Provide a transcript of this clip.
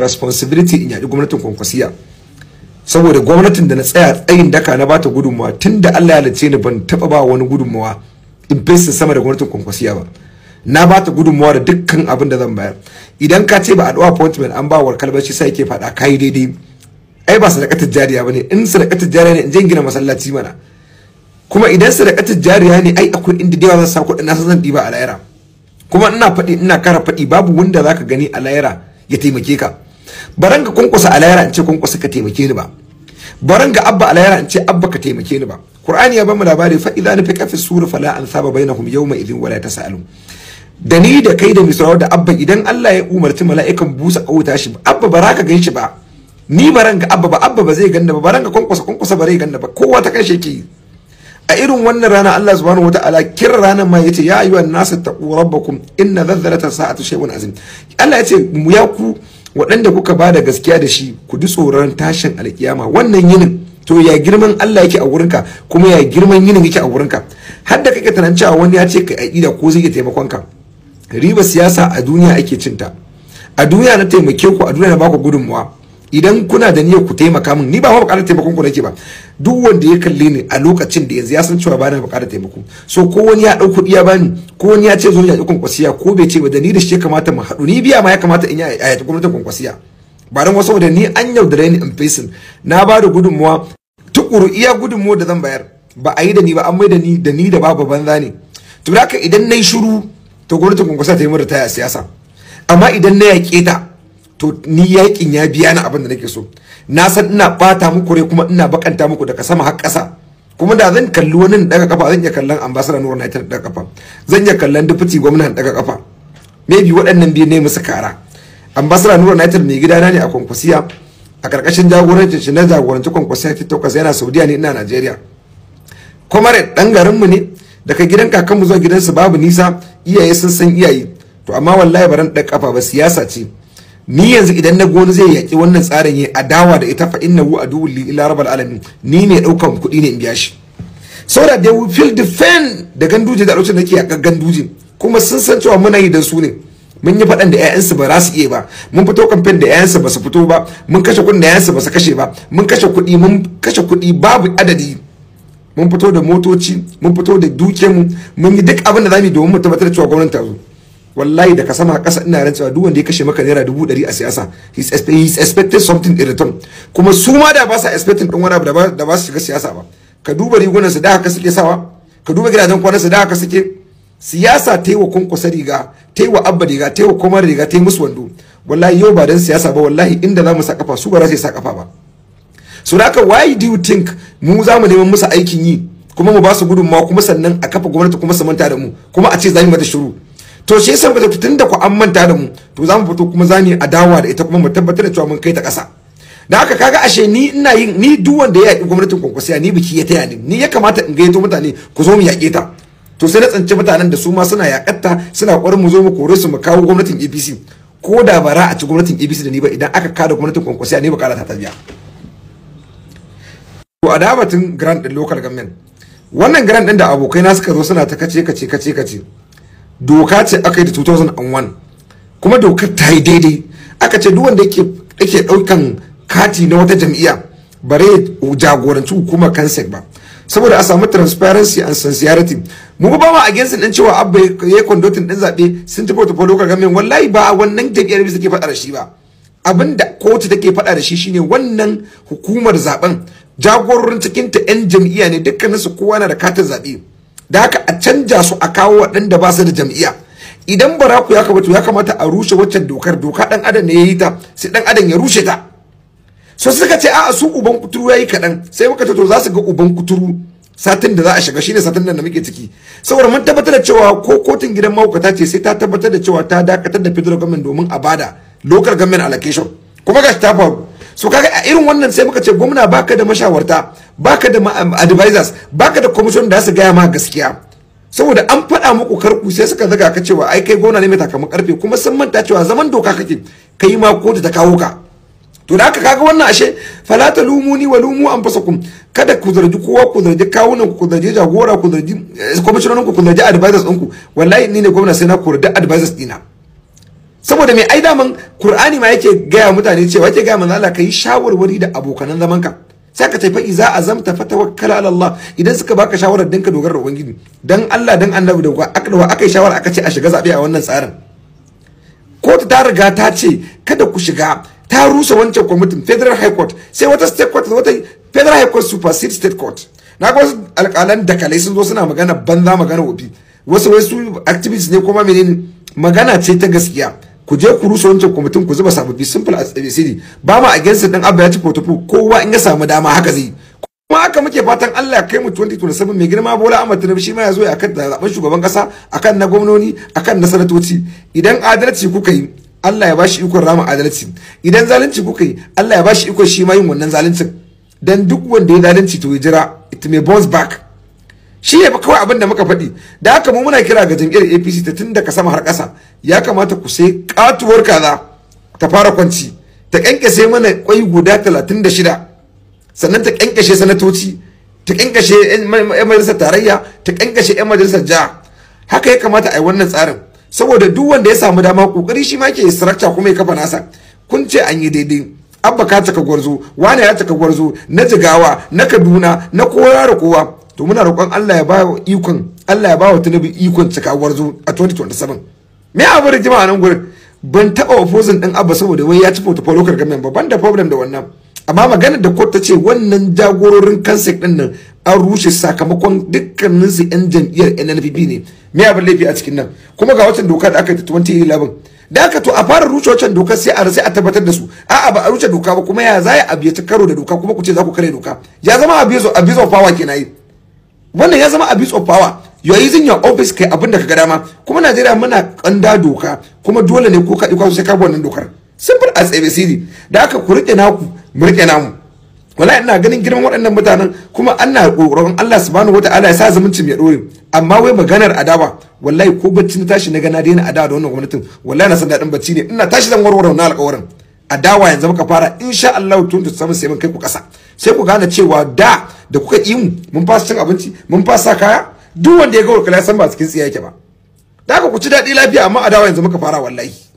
responsibility in yaɗi gwamnatin kwankwasiya saboda gwamnatin da na tsaya tsayin daka na bata gudunmawa tun da Allah ya halice ni ban taba ba wani gudunmawa in fesa sama da gwamnatin kwankwasiya ba na bata gudunmawa da dukkan abin da zan bayar idan ka ce ba a appointment an ba wa kalbashi sai yake faɗa kai daidai ai ba sadakatar jariya bane in sadaka jariya ne in je gina masallaci mana kuma idan sadaka jariya ne ai akwai inda da yawa zan sa kuɗin na zan ɗiba a layara kuma ina faɗi ina kara faɗi babu wanda zaka gani a layara ya taimake ka baran ga kunkusa alayara in ce kunkusa ka taimake ni ba baran ga abba alayara in ce abba ka taimake ni ba qur'ani ya bamu labari fa idza nafika fi sura fala ansaba bainahum yawma idhin wala tasalun da ni da kai da misrawa da abba idan Allah ya umarci mala'ikan busa kauta shi abba baraka ganshi ba ni baran ga abba ba abba ba zai ganna ba baran ga kunkusa kunkusa ba zai ganna ba kowa ta kai shi a irin wannan rana Allah subhanahu wataala kira ranar ma yace ya ayyuhan nasu taqu rabbakum inna zalzalata sa'atu shay'un azim Allah yace ya ku waɗanda kuka ba da gaskiya da shi ku ji tsoron tashin alkiyama wannan yinin to ya girman Allah yake a wurinka kuma ya girman yinin yake a wurinka har da kake tunanin cewa wani ya ce ka aƙida ko zai iya taimakon ka riba siyasa a duniya ake cinta a duniya na taimake ku a duniya na baku gudunmuwa idan kuna da niyyar ku taimaka min ni ba bukatar taimakon ku nake ba duk wanda ya kalle ni a lokacin da yanzu ya san cewa bana bukatar taimako so ko wani ya dau kuɗi ya bani ko wani ya ce zo ya dukun kwasiya ko bai ce ba da ni da shi ya kamata mu haɗu ni biya ma ya kamata in ya ayata gwamnatin kwasiya ba don wasu da ni an yaudare ni in fesin na ba da gudunmuwa tukuru iya gudunmuwa da zan bayar ba a yi da ni ba an mai da ni da ni da babu banza ne to da idan na yi shiru to gwamnatin kwasiya ta yi mura ta siyasa amma idan na yaƙe ta to ni yakin ya biya ni abin da nake so na san ina bata muku rai kuma ina bakanta muku daga sama har ƙasa kuma da zan kalli wani daga kafa zan iya kallon ambassador Nuwar United daga kafa zan iya kallon deputy gwamnan daga kafa maybe waɗannan biyu ne musu kara ambassador Nuwar United mai gidana ne a Kwankwasiya a karkashin jagorancin shi na jagoranci Kwankwasiya Titokas yana Saudiya ne ina Najeriya comrade dan garin mu ne daga gidan kakanmu zuwa gidansu babu nisa iyaye sun san iyaye to amma wallahi baran da kafa ba siyasa ce ni yanzu idan na goni zai yaƙi wannan tsarin ya adawa da ita fa inna hu aduwwul li ila rabbil alamin ni ne ɗaukan kuɗi ne in biya shi Sau they will feel the pain da ganduje da lokacin da ke yaƙar ganduje kuma sun san cewa muna yi don su ne mun yi faɗan da 'ya'yansu ba za su iya ba mun fito kamfen da 'ya'yansu ba su fito ba mun kashe kuɗin da 'ya'yansu ba su kashe ba mun kashe kuɗi mun kashe kuɗi babu adadi mun fito da motoci mun fito da dukiyarmu mun yi duk abin da za mu yi domin mu tabbatar cewa gwamnati ta zo wallahi da ka sama kasa ina cewa duk wanda ya kashe maka naira dubu ɗari a siyasa he is expecting something in return kuma su ma da ba sa expecting ɗin wani abu da ba su shiga siyasa ba ka duba rigunan su da haka suke sawa ka duba gidajen kwanan su da haka suke siyasa ta yi wa kunkusa riga ta yi wa abba riga ta yi wa komar riga ta yi musu wando wallahi yau ba dan siyasa ba wallahi inda za mu sa kafa su ba za su sa kafa ba so da why do you think mu za mu neman musu aikin yi kuma mu ba su gudunmawa kuma sannan a kafa gwamnati kuma su manta da mu kuma a ce za mu mata shiru to shi yasa muka tun da ku an manta da mu to zamu fito kuma za mu yi adawa da ita kuma mu tabbatar da cewa mun kai ta kasa da haka kaga ashe ni ina yin ni duk wanda ya yaƙi gwamnatin kwankwasiya ni biki ya taya ni ni ya kamata in gayyato mutane ku zo mu yaƙe ta to sai na tsanci mutanen da su ma suna ta suna ƙwarin mu zo mu kore su mu kawo gwamnatin APC ko da bara a ci gwamnatin APC da ni ba idan aka kada gwamnatin kwankwasiya ne ba kara ta biya to adabatin grant din local government wannan grant din da abokai na suka zo suna ta kace kace kace kace doka ce aka yi da 2001 kuma dokar ta yi daidai aka ce duk wanda yake daukan kati na wata jam'iyya bare jagoranci hukumar kansek ba saboda a samu transparency and sincerity mu ba ma against din cewa abba ya kondotin din zabe sun tafi ta local government wallahi ba wannan jam'iyyar bisa ke faɗa da shi ba abinda kotu take faɗa da shi shine wannan hukumar zaben jagororin cikin ta yan jam'iyya ne dukkan su kowa na da katin zabe da haka a canja su a kawo waɗanda ba su da jam'iyya idan baraku ya kamata ya kamata a rushe waccan dokar doka dan adam ne ya yi ta sai ɗan adam ya rushe ta so suka ce a'a su uban kuturu yi kaɗan sai muka ce to za su ga uban kuturu satin da za a shiga shine satin da muke ciki saboda mun tabbatar da cewa ko kotun gidan mahaukata ce sai ta tabbatar da cewa ta dakatar da federal government domin a bada local government allocation kuma gashi ta faru so kaga a irin wannan sai muka ce gwamna baka da mashawarta baka da um, advisors baka da commission da su gaya ma gaskiya saboda an faɗa muku karku sai suka zaga ka cewa ai kai gona ne mai takamu karfe kuma sun manta cewa zaman doka kake kai ma kotu ta kawo ka to da aka kaga wannan ashe falata ta lumuni wa lumu anfusakum kada ku zargi kowa ku zargi kawunan ku zargi jagora ku zargi eh, commissioner ku ku zargi advisors ɗinku wallahi ni ne gwamna sai na kori da advisors dina saboda mai ai daman qur'ani ma yake gaya mutane cewa yake gaya manzo Allah kai shawarwari da abokanan ka sai ka tafi iza azamta fa tawakkala ala Allah idan suka baka shawarar dinka dogara da ubangiji dan Allah dan annabi da aka dawa aka yi shawara aka ce a shiga zabe a wannan tsarin kotu ta riga ta ce kada ku shiga ta rusa wancan kwamitin federal high court sai wata state court wata federal high court supersede state court na ga wasu alƙalan dakalai sun zo suna magana banza magana wofi wasu wasu su activists ne kuma menene magana ce ta gaskiya ku je ku rusa wancan kwamitin ku zuba sababbi simple as abcd ba ma against din abba ya ci protocol kowa in ya samu dama haka zai kuma haka muke fatan Allah ya kai mu 2027 mai girma Bola Ahmed Tinubu shi ma ya zo ya kan zaben shugaban kasa akan na gwamnoni akan na sanatoci idan adalci kuka yi Allah ya bashi ikon rama adalci idan zalunci kuka yi Allah ya bashi ikon shi ma yin wannan zaluncin dan duk wanda ya zalunci to ya jira it may bounce back shi ne kawai abin da muka faɗi da haka mu muna kira ga jam'iyyar apc ta tun daga sama har ƙasa ya kamata ku sai katuwar kaza ta fara kwanci ta ƙyanƙyashe mana kwai guda talatin da shida sannan ta ƙyanƙyashe sanatoci ta ƙyanƙyashe 'yan majalisar tarayya ta ƙyanƙyashe 'yan majalisar jiha haka ya kamata a yi wannan tsarin saboda duk wanda ya samu dama kokari shi ma ke sarakta kuma ya kafa nasa kun ce an yi daidai abba ka taka gwarzo wani ya taka gwarzo na jigawa na kaduna na kowa da kowa to muna roƙon Allah ya wa ikon Allah ya bawa tunabi ikon cika warzo a 2027 me abu da jama'a nan gurin ban taba opposing din Abba saboda wai ya ci portfolio lokar gamen ba ban da problem da wannan amma maganar da court ta ce wannan jagororin kansek din nan an rushe sakamakon dukkanin su yan jam'iyyar NNPP ne me abin laifi a cikin nan kuma ga wacin doka da aka yi ta 2011 da aka to a fara rushe wancan doka sai a sai a tabbatar da su a'a ba a rushe doka ba kuma ya za a biya ta karo da doka kuma ku ce za ku kare doka ya zama a abizo fawa kenan yi wannan ya zama abuse of power you are using your office kai abin da kaga dama kuma Najeriya muna kanda doka kuma dole ne ko ka dauka sai ka bi wannan dokar simple as abcd da aka ku rike naku mu rike namu wallahi ina ganin girman waɗannan mutanen kuma ana ƙoƙarin Allah subhanahu wataala ya sa zumunci mai dore amma wai maganar adawa wallahi ko bacci na tashi na ga na daina adawa da wannan gwamnatin wallahi na san dadin bacci ne ina tashi zan warware na alƙawarin adawa yanzu muka fara insha Allah tun da sai mun kai ku ƙasa sai ku gane cewa da da kuka yi mu mun fasa cin abinci mun fasa kaya duk wanda ya ga warkala ya san ba cikin tsiya yake ba da ku ci daɗi lafiya amma a dawa yanzu muka fara wallahi